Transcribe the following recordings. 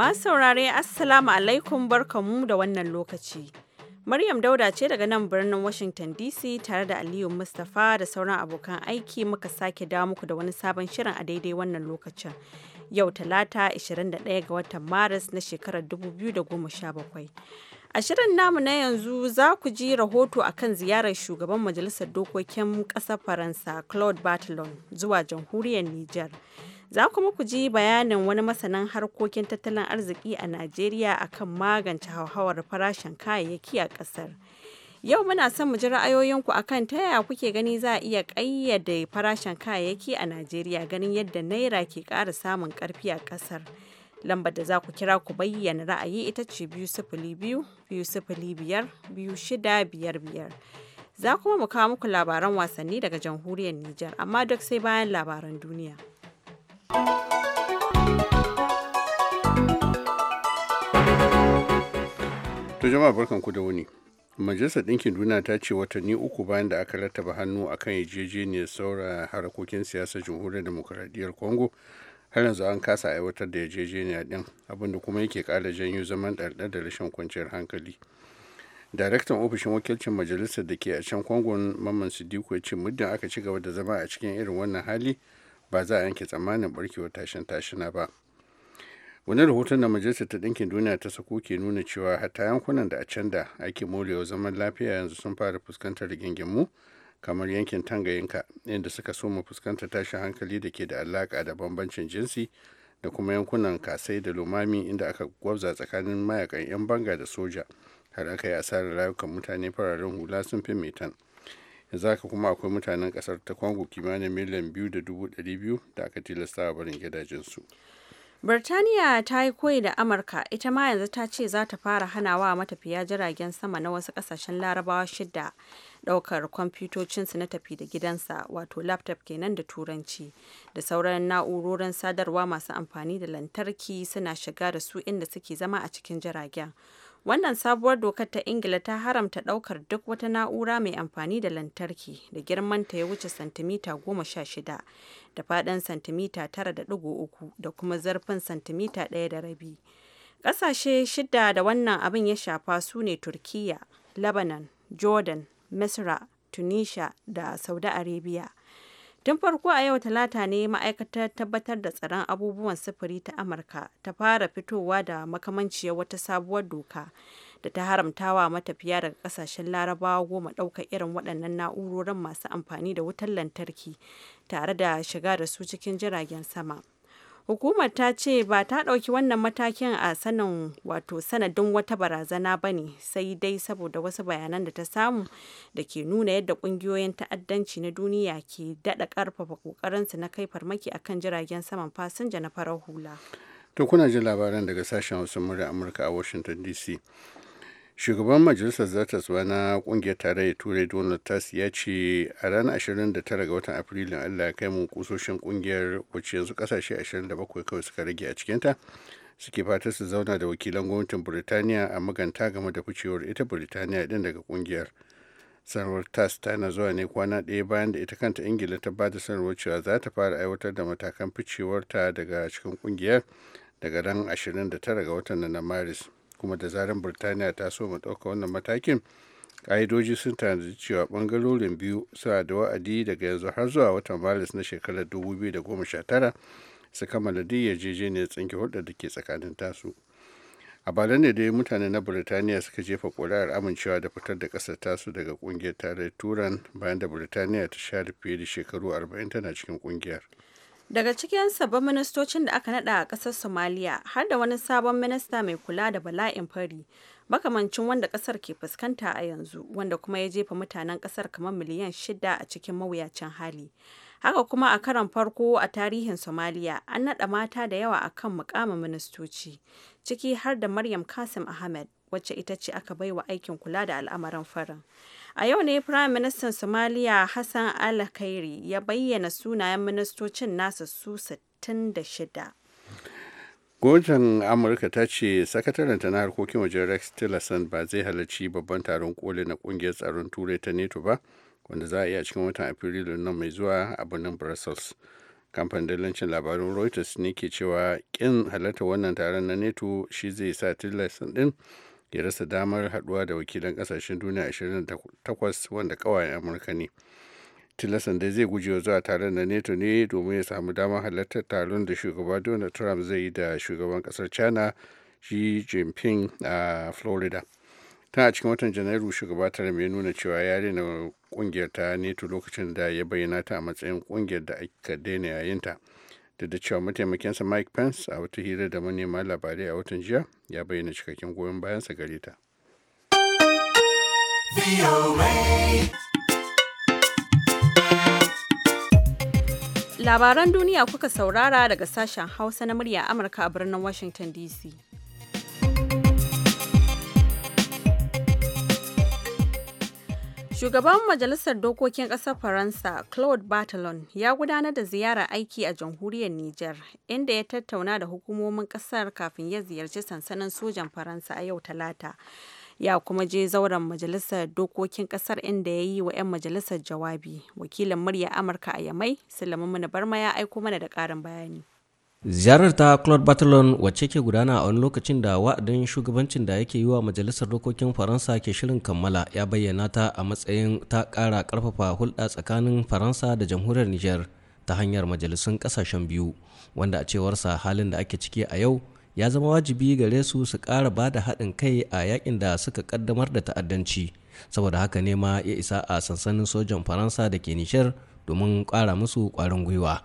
Masu saurare Assalamu alaikum barkamu da wannan lokaci. Maryam Dauda ce daga nan birnin Washington DC tare da Aliyu Mustapha da sauran abokan aiki muka sake dawo muku da wani sabon shirin a daidai wannan lokacin. Yau Talata 21 ga watan Maris na shekarar 2017. A shirin namu na yanzu za ku ji rahoto a kan ziyarar shugaban Majalisar Dokokin Ƙasar Faransa Claude Bartelon zuwa jamhuriyar Nijar. Za kuma ku ji bayanin wani masanin harkokin tattalin arziki a Najeriya akan magance hauhawar farashin kayayyaki a ƙasar. Yau muna son mu ji ra'ayoyinku akan ta yaya kuke gani za a iya ƙayyade farashin kayayyaki a Najeriya ganin yadda Naira ke ƙara samun ƙarfi a ƙasar. Lambar da za ku kira ku bayyana ra'ayi ita ce biyu sifili biyu, biyu sifili biyar, biyu shida Za kuma mu kawo muku labaran wasanni daga jamhuriyar Nijar, amma duk sai bayan labaran duniya. To jama'a barkanku da wuni. Majalisar Ɗinkin Duniya ta ce watanni uku bayan da aka rattaba hannu a kan yarjejeniyar saura harkokin siyasar jamhuriyar demokuraɗiyyar Congo har yanzu an kasa aiwatar da yarjejeniya ɗin abinda kuma yake ƙara janyo zaman ɗarɗar da rashin kwanciyar hankali. Daraktan ofishin wakilcin majalisar da ke a can Congo Mamman Sidiku ya ce muddin aka ci gaba da zama a cikin irin wannan hali ba za a yanke tsammanin barkewar tashin tashina ba wani rahoton da majalisar ta ɗinkin duniya ta sako ke nuna cewa hatta yankunan da a can da ake morewa zaman lafiya yanzu sun fara fuskantar rigingimu kamar yankin tangayinka inda suka soma fuskantar tashin hankali da ke da alaka da bambancin jinsi da kuma yankunan kasai da lumami inda aka gwabza tsakanin mayakan 'yan banga da soja har aka yi asarar rayukan mutane fararen hula sun fi metan. yanzu haka kuma akwai mutanen kasar ta kwango kimanin miliyan biyu da dubu ɗari biyu da aka tilasta a barin gidajensu Birtaniya ta yi koyi da Amurka ita ma yanzu ta ce za ta fara hanawa matafiya jiragen sama na wasu kasashen larabawa shida daukar kwamfutocinsu na tafi da gidansa wato laptop kenan da turanci da sauran na'urorin sadarwa masu amfani da lantarki suna shiga da su inda suke zama a cikin jiragen Wannan sabuwar dokar ta Ingila ta haramta ɗaukar duk wata na'ura mai amfani da lantarki da girman ta ya wuce santimita goma sha shida da faɗin santimita tara da digo uku da kuma zarfin santimita ɗaya da rabi. Ƙasashe shida da wannan abin ya shafa su ne Turkiyya, Lebanon, Jordan, Misra, Tunisia da Saudi Arabia. Tun farko a yau Talata ne ma'aikatar tabbatar da tsaron abubuwan sufuri ta Amurka ta fara fitowa da makamanciyar wata sabuwar doka da ta haramtawa matafiya daga kasashen larabawa goma ɗaukar irin waɗannan na'urorin masu amfani da wutar lantarki tare da shiga da su cikin jiragen sama. hukumar ta ce ba ta ɗauki wannan matakin a sanin wato sanadin wata barazana ba ne sai dai saboda wasu bayanan da ta samu da ke nuna yadda ƙungiyoyin ta'addanci na duniya ke daɗa ƙarfafa ƙoƙarinsu na kai farmaki akan jiragen saman fasinja na farar hula to kuna jin labaran daga sashen wasu murya amurka a washington dc shugaban majalisar zartaswa na kungiyar tarayyar turai donald tusk ya ce a ranar 29 ga watan afrilu allah ya kai mu kusoshin kungiyar wacce yanzu kasashe 27 kawai suka rage a cikinta suke fata su zauna da wakilan gwamnatin burtaniya a maganta game da ficewar ita burtaniya din daga kungiyar sanarwar tas tana zuwa ne kwana ɗaya bayan da ita kanta ingila ta bada sanarwar cewa za ta fara aiwatar da matakan ficewarta daga cikin kungiyar daga ran 29 ga watan na maris kuma da zaran burtaniya ta so mu ɗauka wannan matakin ƙa'idoji sun tanadi cewa ɓangarorin biyu suna da wa'adi daga yanzu har zuwa watan maris na shekarar 2019 su kammala duk yarjejeniyar tsinke hulɗar da ke tsakanin tasu a bala ne dai mutane na burtaniya suka jefa ƙuri'ar amincewa da fitar da ƙasar tasu daga ƙungiyar tarayyar turan bayan da burtaniya ta share fiye da shekaru 40 tana cikin ƙungiyar Daga cikin sabbin ministocin da aka nada a ƙasar Somalia har da wani sabon minista mai kula da bala'in fari makamancin wanda ƙasar ke fuskanta a yanzu wanda kuma ya jefa mutanen ƙasar kamar miliyan shida a cikin mawuyacin hali. Haka kuma a karon farko a tarihin Somalia an nada mata da yawa akan mukamin ministoci ciki har da Maryam Kasim Ahmed wacce ita ce aka baiwa aikin kula da al'amarin farin. A yau ne Firayim Ministan Somaliya Hassan Alakairi ya bayyana sunayen ministocin nasa su 66. Gwamnatin Amurka ta ce sakataren ta na harkokin wajen Rex Tillerson ba zai halarci babban taron koli na kungiyar tsaron turai ta NATO ba, wanda za a iya cikin watan Afrilu nan mai zuwa a birnin Brussels. kamfanin dalilancin labarun reuters ne ke cewa kin halarta wannan taron na neto shi zai sa tillerson din ya rasa damar haduwa da wakilan kasashen duniya 28 wanda kawayen amurka ne tilasan da zai gujewa zuwa taron na neto ne domin ya samu damar halartar taron da shugaba donald trump zai yi da shugaban kasar china xi jinping a florida tun a cikin watan janairu shugaba trump ya nuna cewa ya rena kungiyar ta neto lokacin da ya bayyana ta a matsayin kungiyar da aka daina yayinta duk da cewa mataimakinsa mike pence a wata hira da manema labarai a watan jiya ya bayyana cikakken goyon bayansa gare ta labaran duniya kuka saurara daga sashen hausa na murya amurka a birnin washington dc Shugaban Majalisar Dokokin Ƙasar Faransa, Claude batalon ya gudanar da ziyara aiki a jamhuriyar Nijar, inda ya tattauna da hukumomin ƙasar kafin ya ziyarci sansanin sojan Faransa a yau Talata. Ya kuma je zauren Majalisar Dokokin Ƙasar inda ya yi wa 'yan majalisar jawabi. Wakilin murya Amurka a Yamai, Sulaiman Barma ya aiko mana da ƙarin bayani. ziyarar ta claude batalon wacce ke gudana a wani lokacin da wa'adin shugabancin da yake yi wa majalisar dokokin faransa ke shirin kammala ya bayyana ta a matsayin ta kara karfafa hulɗa tsakanin faransa da jamhuriyar niger ta hanyar majalisun ƙasashen biyu wanda a cewarsa halin da ake ciki a yau ya zama wajibi gare su su kara ba da haɗin kai a yakin da suka ƙaddamar da ta'addanci saboda haka ne ma ya isa a sansanin sojan faransa da ke nishar domin kara musu ƙwarin gwiwa.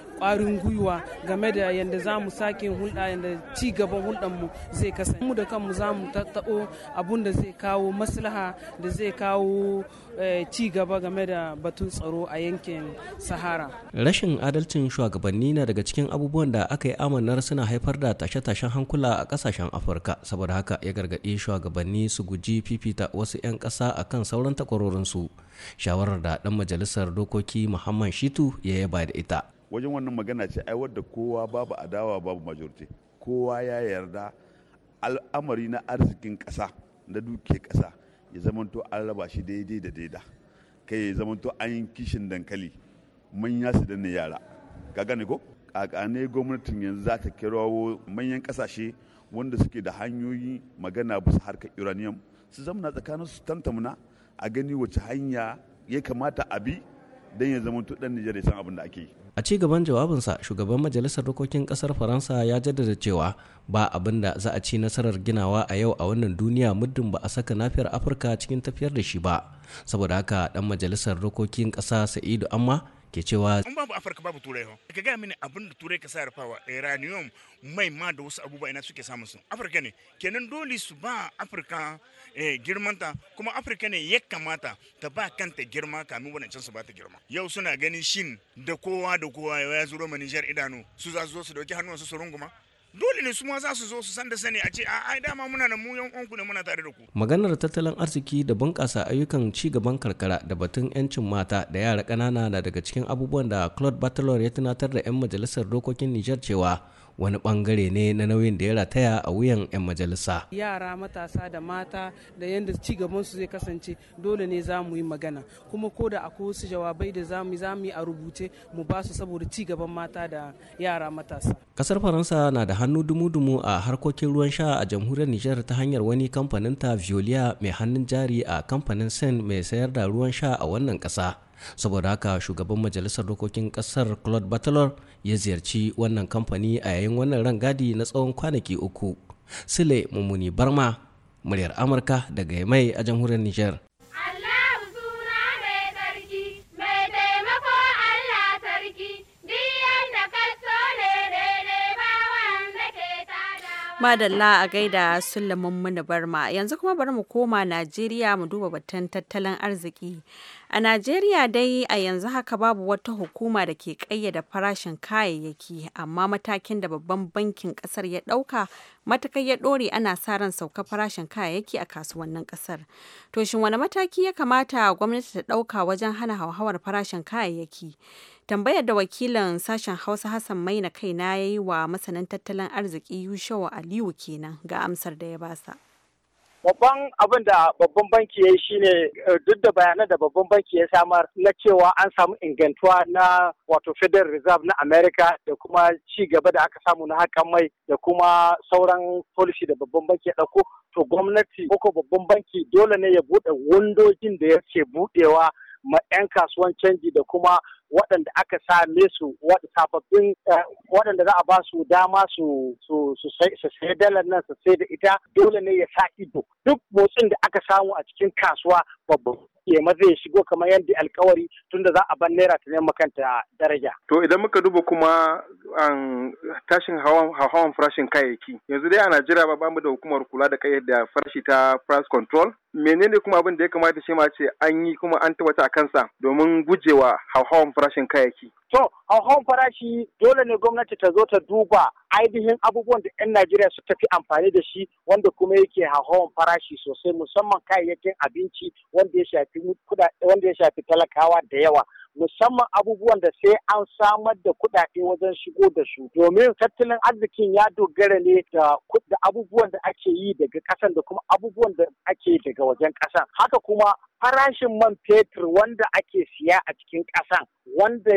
kwarin gwiwa game da yadda za mu sake hulɗa yadda ci gaban hulɗanmu zai kasance mu da kanmu za mu tattaɓo abun da zai kawo maslaha da zai kawo eh, ci gaba game da batun tsaro a yankin sahara rashin adalcin shugabanni na daga cikin abubuwan da aka yi amanar suna haifar da tashe-tashen hankula a kasashen afirka saboda haka ya gargaɗi shugabanni su guji fifita wasu 'yan ƙasa akan sauran takwarorinsu shawarar da ɗan majalisar dokoki muhammad shitu ya yaba da ita wajen wannan magana ce ai wadda kowa babu adawa babu majority kowa ya yarda al'amari na arzikin ƙasa na duke ƙasa ya zamanto an raba shi daidai da daida kai ya zamanto an yi kishin dankali manya su danne yara ka gane ko kakane gwamnatin yanzu za ta kirawo manyan ƙasashe wanda suke da hanyoyi magana bisa harka uranium su zamana tsakanin su tantamuna a gani wace hanya ya kamata a bi don ya zama dan Nijar ya san abin da ake A ci gaban jawabinsa shugaban majalisar dokokin kasar Faransa ya jaddada cewa ba abin da za a ci nasarar ginawa a yau a wannan duniya muddin ba a saka nafiyar Afirka cikin tafiyar da shi ba. Saboda haka dan majalisar dokokin kasa Sa'idu Amma ke cewa in babu afirka babu turai ho ka gaya mini abin da turai ka sa rufawa iranium mai ma da wasu abubuwa ina suke samun su afirka ne kenan dole su ba afirka eh, girmanta kuma afirka ne ya kamata ta ba kanta girma kamin wadancan su ba ta girma yau suna ganin shin da kowa da kowa ya zuro ma nijar idanu su za su zo su dauki hannuwansu su runguma dole ne su ma za su zo su san da sani a ce a dama muna da mu yan uwanku ne muna tare da ku maganar tattalin arziki da bunƙasa ayyukan ci gaban karkara da batun yancin mata da yara ƙanana na daga cikin abubuwan da Claude Batelor ya tunatar da 'yan majalisar dokokin niger cewa wani bangare ne na nauyin da ya rataya a wuyan 'yan majalisa yara matasa da mata da yadda ci gaban su zai kasance dole ne za mu yi magana kuma ko da akwai wasu jawabai da za mu yi a rubuce mu ba su saboda ci gaban mata da yara matasa kasar faransa na da hannu dumu-dumu a harkokin ruwan sha a jamhuriyar nijar ta hanyar wani kamfanin ta violia mai hannun jari a kamfanin sen mai sayar da ruwan sha a wannan kasa saboda haka shugaban majalisar dokokin kasar claude batalor ya ziyarci wannan kamfani a yayin wannan rangadi na tsawon kwanaki uku sile mummuni barma muryar amurka daga mai a jamhuriyar niger Madalla a gaida mu Muni Barma yanzu kuma bari mu koma Najeriya mu duba batun tattalin arziki. A Najeriya dai a yanzu haka babu wata hukuma da ke ƙayyada farashin kayayyaki, amma matakin da babban bankin ƙasar ya ɗauka matakai ya ɗore ana sa ran sauka farashin kayayyaki a kasuwannin ƙasar. To shin wani mataki ya kamata gwamnati ta ɗauka wajen hana hauhawar farashin kayayyaki? Tambayar da wakilin sashen Hausa Hassan Maina kaina ya yi wa masanin tattalin arziki Yushewa Aliyu kenan ga amsar da ya basa. Babban abin da babban banki ya yi shine eh, duk da bayanan da babban banki ya samar na cewa an samu ingantuwa na wato Federal Reserve na Amerika, da kuma ci gaba da aka samu na hakan mai da kuma sauran policy da babban banki ya ɗauko. To gwamnati ko babban banki dole ne ya buɗe wundojin da yake buɗewa ma 'yan kasuwan canji da kuma waɗanda aka same su sababbin eh, waɗanda za a ba su dama su sai dalar nan su sai da ita dole ne ya sa ido duk motsin da aka samu a cikin kasuwa babban ya maza ya shigo kamar yadda alkawari tunda za a ban naira ta makanta daraja. To idan muka duba kuma an tashin hawan farashin kayayyaki yanzu dai a Najeriya ba bamu da hukumar kula da kai da farashi ta price control menene kuma abin da ya kamata shi ma ce an yi kuma an tabbata a kansa domin gujewa hawan farashin kayayyaki. To, hauhawan farashi dole ne gwamnati ta zo ta duba ainihin abubuwan da 'yan Najeriya su tafi amfani da shi wanda kuma yake hauhawan farashi sosai musamman kayayyakin abinci wanda ya shafi talakawa da yawa. Musamman abubuwan da sai an samar da kuɗaɗe wajen shigo da su domin tattalin arzikin ya dogara ne da abubuwan da ake yi daga ƙasan da kuma abubuwan da ake daga wajen ƙasan. Haka kuma farashin man fetur wanda ake siya a cikin ƙasan wanda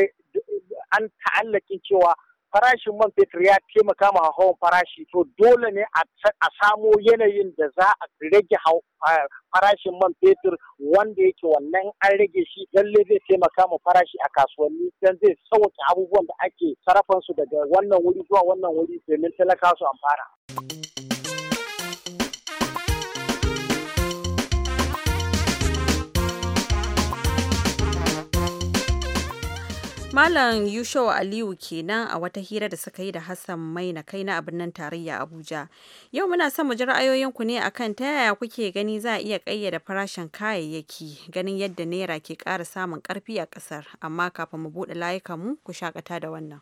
an ta'allakin cewa farashin man fetur ya taimaka ma hawan farashi to dole ne a samo yanayin da za a rage farashin man fetur wanda yake wannan an rage shi lalle zai taimaka ma farashi a kasuwanni don zai sauke abubuwan da ake sarrafansu daga wannan wuri zuwa wannan wuri domin talaka su amfana. Malam Yushawa Aliyu kenan a wata hira da suka yi da Hassan Maina kai na birnin tarayya Abuja. Yau muna son mu ji ra'ayoyinku ne akan ta yaya kuke gani za a iya ƙayyade farashin kayayyaki ganin yadda naira ke ƙara samun ƙarfi a ƙasar. Amma kafin mu buɗe layukan mu ku shakata da wannan.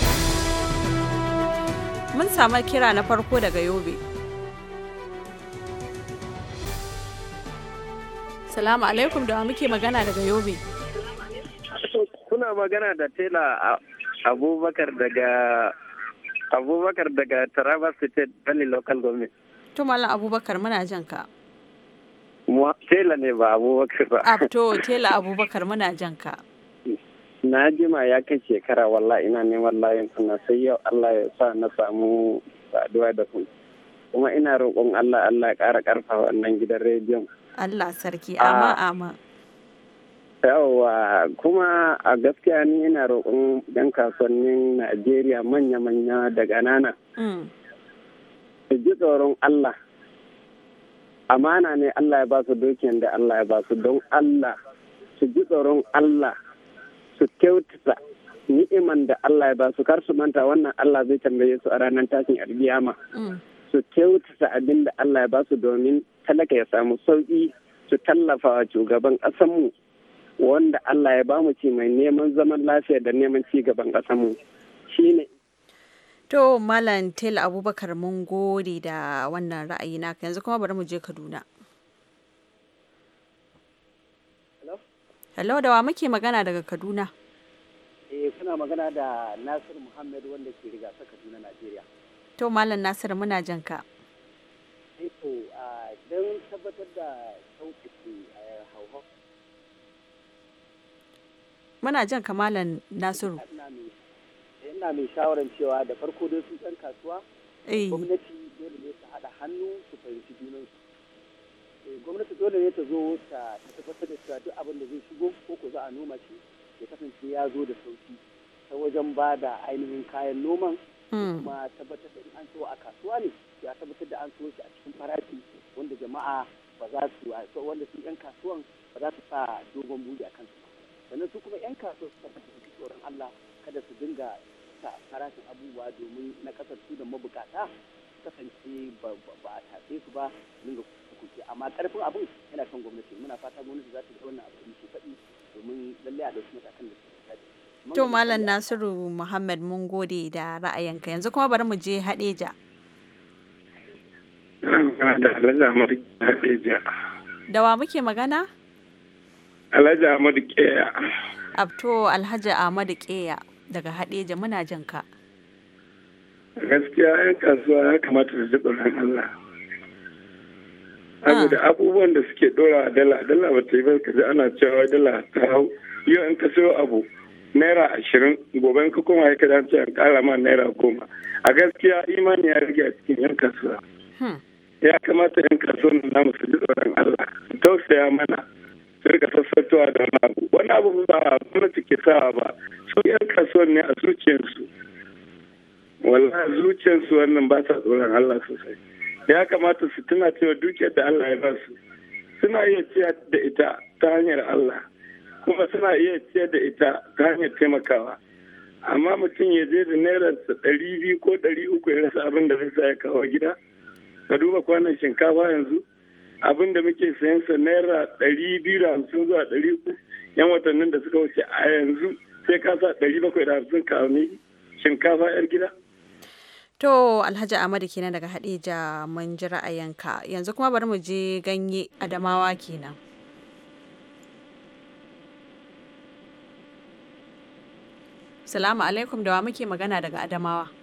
mun samu kira na farko daga yobe salamu alaikum da muke magana daga yobe kuna magana da tela abubakar daga abubakar daga taraba state bani local government to abubakar muna jan ka tela ne ba abubakar ba abto ah, tela abubakar muna jan ka na jima ya kai shekara walla ina neman layin suna sai yau Allah ya sa na samu saduwa da ku kuma ina roƙon Allah Allah ya ƙara ƙarfa wannan gidan rediyon Allah sarki ah. ama ama yawwa kuma a gaskiya ni ina roƙon yan kasuwannin Najeriya manya-manya da nana mm. su ji tsoron Allah amana ne Allah ya ba su dokin da Allah ya ba su don Allah su ji tsoron Allah su kyautata ni'iman da Allah ya ba su kar su manta wannan Allah zai tambaye su a ranar tashin alkiyama mm. su kyautata abin da Allah ya ba su domin talaka ya samu sauki su tallafa wa shugaban ƙasanmu wanda Allah ya ba mu ci mai neman zaman lafiya da neman ci gaban ƙasanmu shine to malam tel abubakar mun gode da wannan ra'ayi naka yanzu kuma bari mu je kaduna Hello da wa muke magana daga Kaduna? Eh kuna magana da Nasir Muhammad wanda ke riga ta Kaduna Najeriya. To Malam Nasir muna jan ka. Eh to don tabbatar da sauƙi a eh, hauhau. Muna jan ka Malam Nasiru. Ina mai shawaran cewa da farko dai su ɗan kasuwa. Eh. Gwamnati dole ne ta hada hannu su fahimci junansu. gwamnati dole ne ta zo ta tabbatar da cewa duk abin da zai shigo ko ko za a noma shi ya kasance ya zo da sauki ta wajen ba da ainihin kayan noman hmm. kuma tabbatar da in an so a kasuwa ne ya tabbatar da an so shi a cikin farashi wanda jama'a ba za su wanda su yan kasuwan ba za su sa dogon buri a kansu sannan su kuma yan kasuwa su tabbatar da tsoron Allah kada su dinga sa farashin abubuwa domin na kasar su da mabukata kasance ba a tafe su ba dinga kuke amma karfin abin yana kan gwamnati muna fata gwamnati za ta ga wannan abin ke faɗi domin lalle a ɗauki matakan da suke To Malam Nasiru Muhammad mun gode da ra'ayinka yanzu kuma bari mu je Hadeja. Da wa muke magana? Alhaji Ahmadu Keya. Abto Alhaji Ahmadu Keya daga Hadeja muna jinka. Gaskiya 'yan kasuwa ya kamata da ji Allah. saboda ah. abubuwan da suke dora dala dala ba ta yi ba ka ji ana cewa dala ta hau yau in ka sayo abu naira ashirin gobe ka koma ya kada ce an kara ma naira goma a gaskiya imani ya rage a cikin yan kasuwa hmm. ya kamata yan kasuwa na namu su ji tsoron Allah su tausaya mana su rika sassautowa da wani abu wani abu ba gwamnati ke sawa ba su yan kasuwan ne a zuciyarsu wallahi zuciyarsu wannan ba sa tsoron Allah sosai ya kamata su tuna cewa dukiyar da Allah ya ba su suna iya ciyar da ita ta hanyar Allah kuma suna iya ciyar da ita ta hanyar taimakawa amma mutum ya je da nairarsa ɗari biyu ko ɗari uku ya rasa abin da zai sa ya kawo gida ka duba kwanan shinkafa yanzu abin da muke sayan sa naira ɗari biyu da hamsin zuwa ɗari uku yan watannin da suka wuce a yanzu sai ka sa ɗari bakwai da hamsin kawo shinkafa yar gida To Alhaji Ahmadu kenan daga Hadija mun ji ra'ayinka yanzu kuma bari mu je ganye Adamawa kenan. Salamu alaikum da wa muke magana daga Adamawa.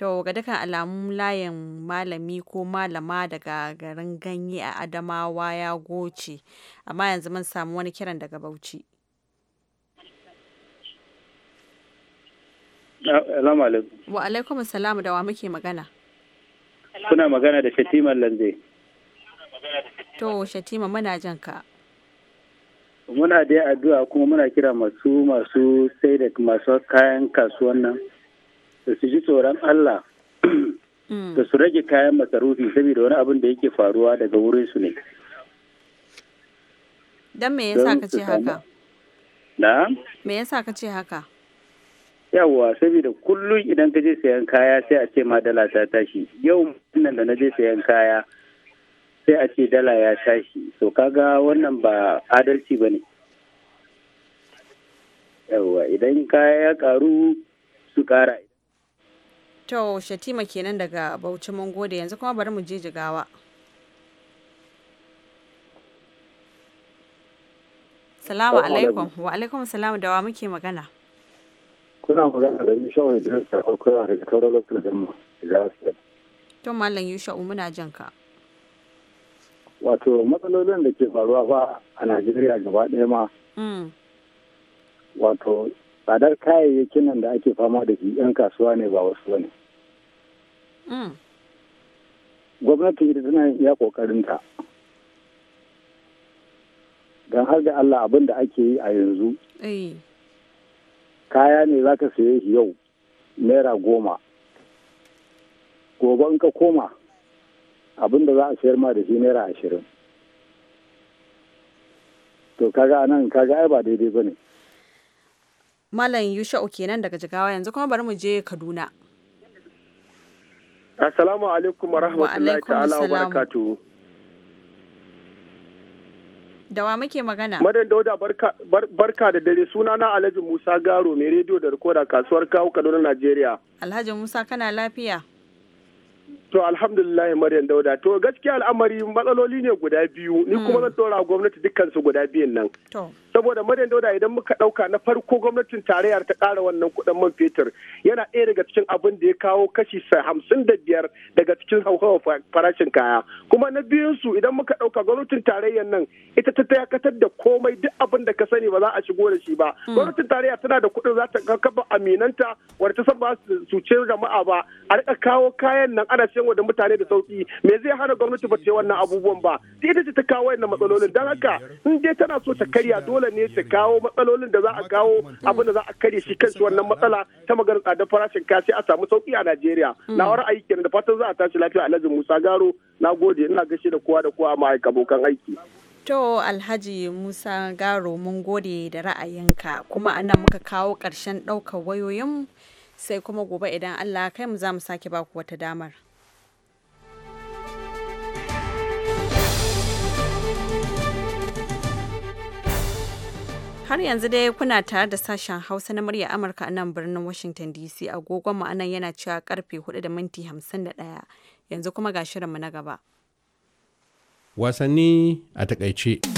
To ga dukkan alamun layin malami ko malama daga garin ganye a Adamawa ya goce, amma yanzu mun samu wani kiran daga Bauchi. Assalamu alaikum. Wa alaikum salamu da wa muke magana. Kuna magana da Shatima Lanze. To Shatima muna jan ka. Muna dai addu'a kuma muna kira masu masu sai da masu kayan kasuwan nan da su ji tsoron Allah mm. da su rage kayan masarufi saboda wani abin da yake faruwa daga wurin su ne. Dan me yasa ka ce haka? Na? Me yasa ka ce haka? yawwa saboda kullum idan ka je sayan kaya sai a ce ma dala ta tashi yau wannan da na je sayan kaya sai a ce dala ya tashi to kaga wannan ba adalci ba ne yawwa idan kaya ya karu su kara to shatima kenan daga bauchi mun gode yanzu kuma bari mu je jigawa salamu alaikum wa alaikum salamu da wa muke magana kuna magana da Yusha'u Idris a Okura daga Kaura Lokacin Jamma daga Asiya. to Mallam yusha muna jan ka. Wato matsalolin da ke faruwa ba a Najeriya gaba ɗaya ma. Mm. Wato tsadar kayayyakin nan da ake fama da shi 'yan kasuwa ne ba wasu ba ne. Mm. Gwamnati ita tana iya ƙoƙarinta. Don har da Allah abin da ake yi a yanzu. Eh. kaya ne za ka saye shi yau naira goma gobe in ka koma abin da za a sayar ma da shi naira ashirin to kaga nan kaga ai ba daidai ba ne malam yusha'u kenan daga jigawa yanzu kuma bari mu je kaduna assalamu alaikum wa rahmatullahi ta'ala wa barakatuhu Da wa muke magana? Madan Dauda barka da dare sunana Alhaji Musa Garo mai rediyo da rikoda kasuwar kawo Kaduna Najeriya. Alhaji Musa kana lafiya? To alhamdulillah Maryam Dauda to gaskiya al'amari matsaloli ne guda biyu ni mm. kuma zan tsora gwamnati dukkan su guda biyun nan. saboda madan dauda idan muka dauka na farko gwamnatin tarayyar ta kara wannan kudin man fetur yana ɗaya daga cikin abin da ya kawo kashi hamsin da biyar daga cikin hauhawar farashin kaya kuma na biyunsu idan muka dauka gwamnatin tarayyar nan ita ta dakatar da komai duk abin da ka sani ba za a shigo da shi ba hmm. gwamnatin tarayya tana da kuɗin za ta kafa aminanta wadda ta san ba su ce jama'a ba a rika kawo kayan nan ana sayarwa da mutane da sauki me zai hana gwamnati ba ce wannan abubuwan ba ita ce ta kawo wannan matsalolin don haka in dai tana so ta karya dole dole ne ta kawo matsalolin da za a kawo abin da za a kare shi kansu wannan matsala ta maganar tsadar farashin kashi a samu sauki a Najeriya hmm. na wara aiki da fatan za a tashi lafiya Alhaji Musa Garo na gode ina gaishe da kowa da kowa a ma'aika abokan aiki To Alhaji Musa Garo mun gode da ra'ayinka kuma a nan muka kawo ƙarshen ɗaukar wayoyin sai kuma gobe idan Allah kai mu za mu sake baku wata damar. Har yanzu dai kuna tare da sashen Hausa na murya Amurka a nan birnin Washington DC agogon ma'anan yana cewa karfe 4 da minti 51 yanzu kuma ga shirinmu na gaba. Wasanni a takaice.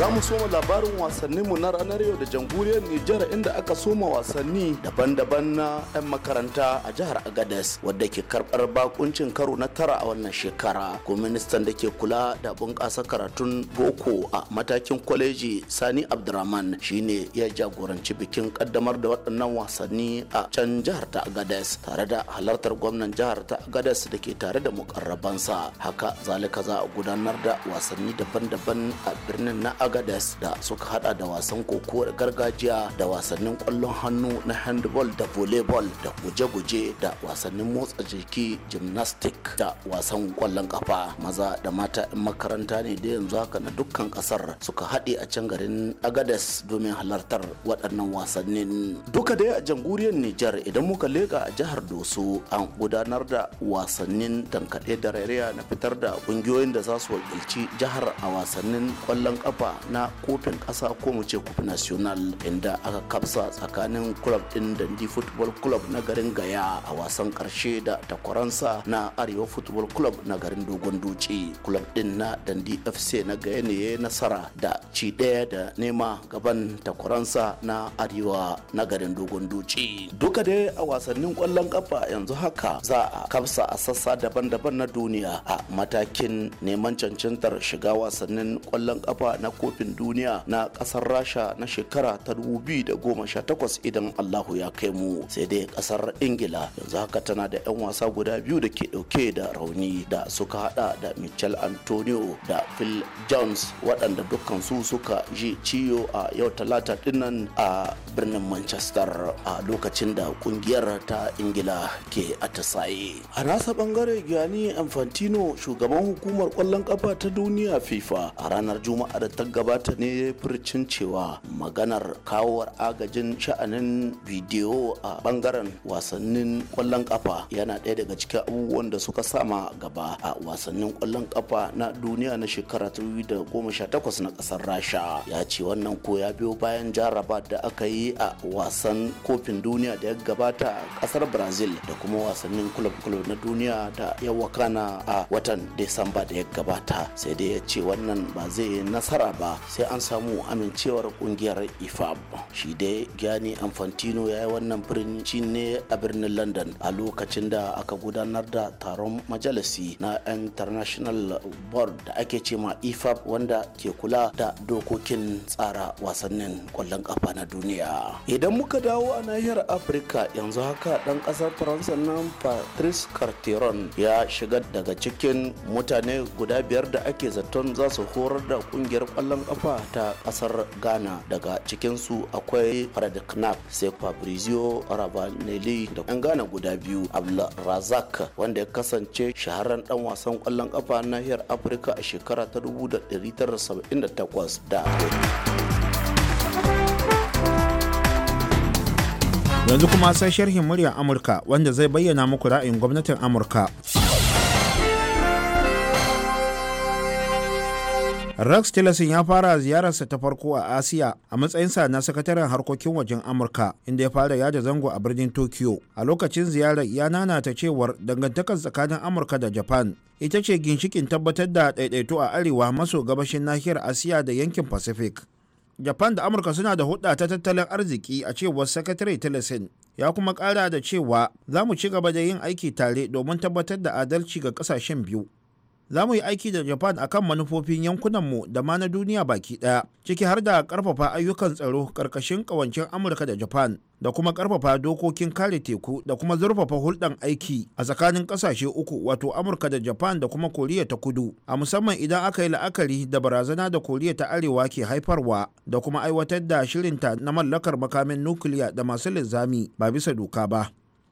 Za mu soma labarin wasanninmu na ranar yau da jamhuriyar Nijar inda aka soma wasanni daban-daban na 'yan makaranta a jihar Agadez wadda ke karɓar bakuncin karo na tara a wannan shekara. Ko ministan da ke kula da bunƙasa karatun boko a matakin kwaleji Sani Abdurrahman shine ya jagoranci bikin kaddamar da waɗannan wasanni a can jihar ta Agadez tare da halartar gwamnan jihar ta Agadez da ke tare da mukarrabansa. Haka zalika za a gudanar da wasanni daban-daban a birnin na agadas da suka hada da wasan kokowar gargajiya da wasannin kwallon hannu na handball da volleyball da guje-guje da wasannin motsa jiki gymnastic da wasan kwallon kafa maza da mata 'yan makaranta ne da yanzu haka na dukkan kasar suka haɗe a can garin agadas domin halartar waɗannan wasannin duka dai a jamhuriyar nijar idan muka leƙa a jihar doso an gudanar da wasannin tankaɗe da rairaya na fitar da ƙungiyoyin da za su wakilci jihar a wasannin kwallon kafa na kofin kasa ko mu ce kofin national inda aka kafsa tsakanin club din dandi football club na garin gaya a wasan karshe da takwaransa na arewa football club na garin dogon doce club din na dandi fc na gaya ne nasara da ci ɗaya da nema gaban takwaransa na arewa na garin dogon doce duka dai a wasannin kwallon kafa yanzu haka za a kafsa a sassa daban-daban na duniya a matakin neman cancantar shiga wasannin kwallon kafa na ko kofin duniya na kasar rasha na shekara ta da goma sha takwas idan allahu ya kai mu sai dai kasar ingila yanzu haka tana da 'yan wasa guda biyu da ke dauke da rauni da suka hada da michel antonio da phil jones waɗanda dukkansu suka ji ciyo a yau talata dinnan a birnin manchester a lokacin da kungiyar ta ingila ke atisaye a nasa bangare gani infantino shugaban hukumar kwallon kafa ta duniya fifa a ranar juma'a da ta gabata ne furcin cewa maganar kawowar agajin sha'anin bidiyo a bangaren wasannin kwallon kafa yana ɗaya daga cikin abubuwan da suka sama gaba a wasannin kwallon kafa na duniya na shekara takwas na kasar rasha ya ce wannan ko ya biyo bayan jaraba da aka yi a wasan kofin duniya da ya gabata a ƙasar brazil da kuma wasannin kulob-kulob na duniya da ya wakana a watan desamba da ya gabata sai dai ya ce wannan ba zai yi nasara ba sai an samu amincewar kungiyar ifab shi dai gani amfantino ya yi wannan firinci ne a birnin london a lokacin da aka gudanar da taron majalisi na international board da ake ce ma ifab wanda ke kula da dokokin tsara wasannin kwallon kafa na duniya idan muka dawo a nahiyar afirka yanzu haka dan kasar faransa nan patrice carteron ya shiga daga cikin mutane guda biyar da ake zaton za su horar da kungiyar kwallon kwallon kafa ta kasar ghana daga cikinsu akwai fred knapp sai fabrizio ravanelli da 'yan ghana guda biyu razak wanda ya kasance shaharar dan wasan kwallon ƙafa nahiyar afirka a shekara ta 1978 da yanzu kuma sai sharhin muryar amurka wanda zai bayyana muku ra'ayin gwamnatin amurka Rex Tillerson ya fara ziyararsa ta farko a Asiya a matsayinsa na sakataren harkokin wajen Amurka inda ya fara yada zango a birnin Tokyo. A lokacin ziyarar ya ta cewar dangantakar tsakanin Amurka da Japan ita ce ginshikin tabbatar da daidaito a arewa maso gabashin nahiyar Asiya da yankin Pacific. Japan da Amurka suna da hudda ta tattalin arziki a cewar sakatare Tillerson ya kuma kara da cewa za mu ci gaba da yin aiki tare domin tabbatar da adalci ga kasashen biyu. za mu yi aiki da japan akan manufofin yankunanmu da ma na duniya baki daya ciki har da karfafa ayyukan tsaro karkashin kawancin amurka da japan da kuma karfafa dokokin kare teku da kuma zurfafa hulɗan aiki a tsakanin ƙasashe uku wato amurka da japan da kuma koriya ta kudu a musamman idan aka yi la'akari da barazana da koriya ta arewa ke haifarwa da kuma aiwatar da shirinta na mallakar makamin nukiliya da masu linzami ba bisa doka ba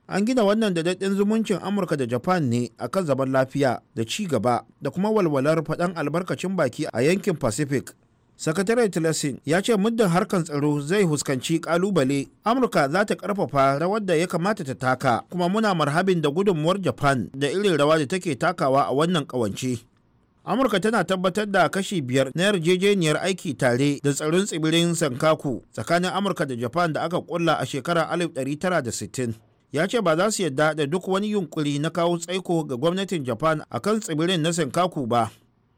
an gina wannan da daɗin zumuncin amurka da japan ne akan zaman lafiya da ci gaba da kuma walwalar faɗan albarkacin baki a yankin pacific sakatare tilasin ya ce muddin harkar tsaro zai huskanci kalubale amurka za ta karfafa rawar da ya kamata ta taka kuma muna marhabin da gudunmuwar japan da irin rawa da take takawa a wannan kawance amurka tana tabbatar da kashi biyar na yarjejeniyar aiki tare da tsaron tsibirin sankaku tsakanin amurka da japan da aka kulla a shekarar 1960 ya ce ba za su yarda da duk wani yunkuri na kawo tsaiko ga gwamnatin japan a kan tsibirin na senkaku ba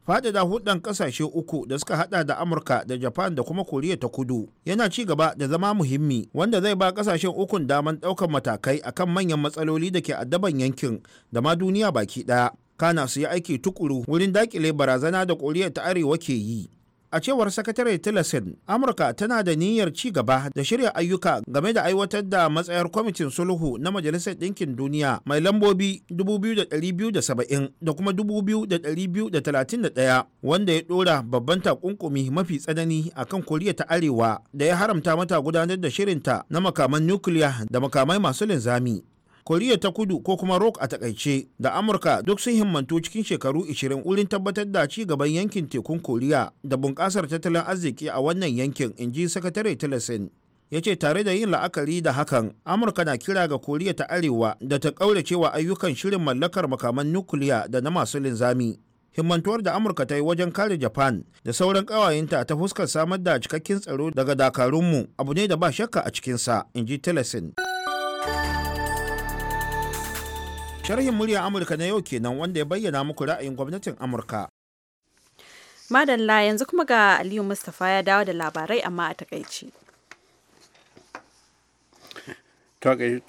faɗaɗa hudun ƙasashe uku da suka hada da amurka da japan da kuma koriya ta kudu yana ci gaba da zama muhimmi wanda zai ba ƙasashen ukun daman ɗaukar matakai akan manyan matsaloli da ke addaban yankin da ma duniya baki ɗaya kana su yi aiki tukuru wurin daƙile barazana da koriya ta arewa ke yi a cewar sakatare tillerson amurka tana da niyyar ci gaba da shirya ayyuka game da aiwatar da matsayar kwamitin sulhu na majalisar ɗinkin duniya mai lambobi 2270 da kuma 2231 wanda ya ɗora babban takunkumi mafi tsanani a kan koriya ta arewa da ya haramta mata gudanar da shirinta na makaman nukiliya da makamai masu linzami koriya ta kudu ko kuma rock a takaice da amurka duk sun himmantu cikin shekaru 20 wurin tabbatar da ci gaban yankin tekun koriya da bunƙasar tattalin arziki a wannan yankin in ji sakatare tillerson ya ce tare da yin la'akari da hakan amurka na kira ga koriya ta arewa da ta cewa ayyukan shirin mallakar makaman nukiliya da na masu linzami himmantuwar da amurka ta yi wajen kare japan da sauran ƙawayenta ta fuskar samar da cikakken tsaro daga dakarunmu abu ne da ba shakka a cikinsa in ji tillerson Sharhin murya Amurka na yau kenan wanda ya bayyana muku ra'ayin gwamnatin Amurka. Madalla yanzu kuma ga Aliyu Mustapha ya dawo da labarai amma a takaici.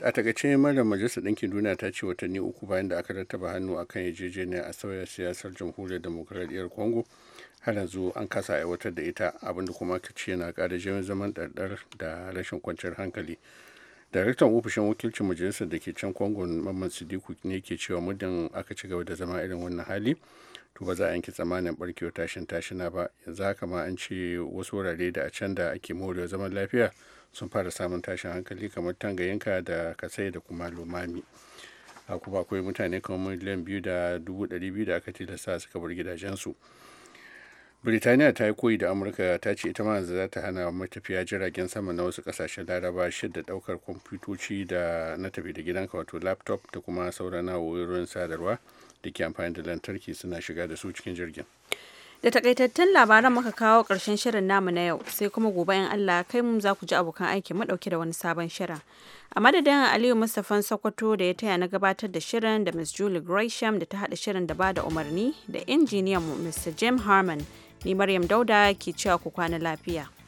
a takaice mara majalisar ɗinkin duniya ta ce watanni uku bayan da aka rattaba hannu a kan yarjejeniya a sauya siyasar jamhuriyar demokuraɗiyyar congo har yanzu an kasa aiwatar da ita abinda kuma ka ce yana ƙara jimin zaman ɗarɗar da rashin kwanciyar hankali daraktan ofishin wakilcin majalisar da ke can kwangon mamman sidiku ne ke cewa muddin aka ci gaba da zama irin wannan hali to ba za a yanki tsamanin barkewa tashin tashina ba yanzu haka ma an ce wasu wurare da a can da ake morewa zaman lafiya sun fara samun tashin hankali kamar tangayinka da kasai da kuma lumami a kuma akwai mutane kamar miliyan biyu da dubu ɗari biyu da aka tilasta suka bar gidajensu Birtaniya ta yi koyi da Amurka ta ce ita ma yanzu za ta hana matafiya jiragen sama na wasu kasashen laraba shidda daukar kwamfutoci da na tafi da gidanka wato laptop da kuma sauran na'urorin sadarwa da ke amfani da lantarki suna shiga da su cikin jirgin. Da takaitattun labaran muka kawo ƙarshen shirin namu na yau sai kuma gobe in Allah kai mu za ku ji abokan aiki mu dauke da wani sabon shirin. A madadin Aliyu Mustapha Sokoto da ya taya na gabatar da shirin da Miss Julie Gresham da ta haɗa shirin da ba da umarni da injiniyan Mr. Jim Harmon. Ni Maryam Dauda ke cewa ku kwana lafiya.